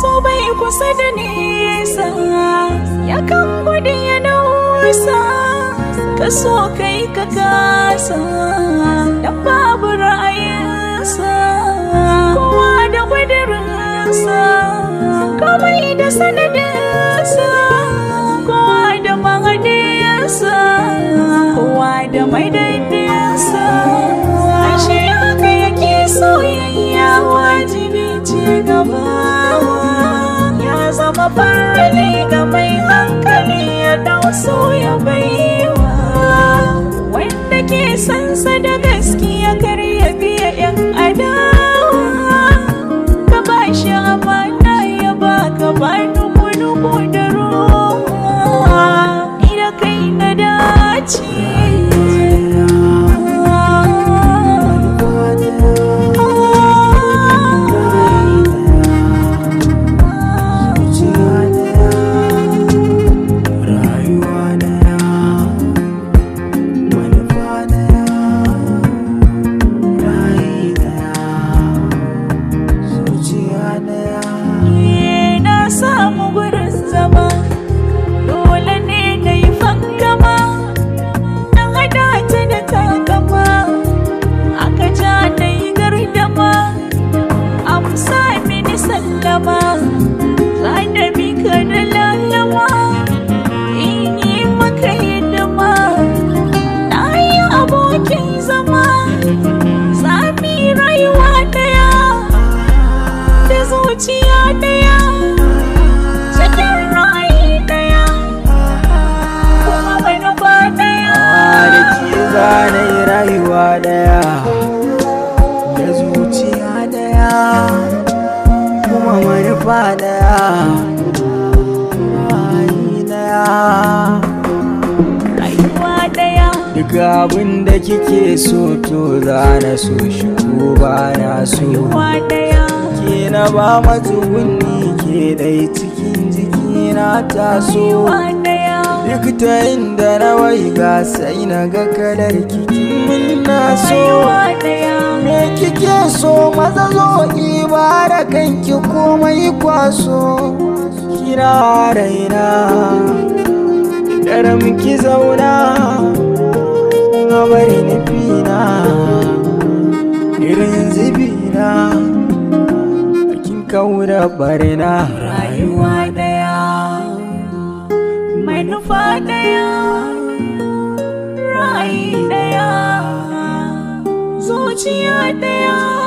so bai kusa da nisa ya kan gudu ya nausa ka so kai ka gasa da babu ra'ayinsa kowa da gudurinsa kamai da sanadinsa Yes, I'm a ne da zuciya daya kuma manufa daya hanyar daya duk abin da kike so to za na so shi ba na so ke na ba matsugunni ke dai cikin jikina ta so duk ta inda na waiga sai na ga kalar kikin na so me kike so maza zo ibara kanki komai kwaso kira raina daram ki zauna na bari fina irin zibina kin kaura barina rayuwa manufa ɗaya ra'ayi ɗaya zuciya ɗaya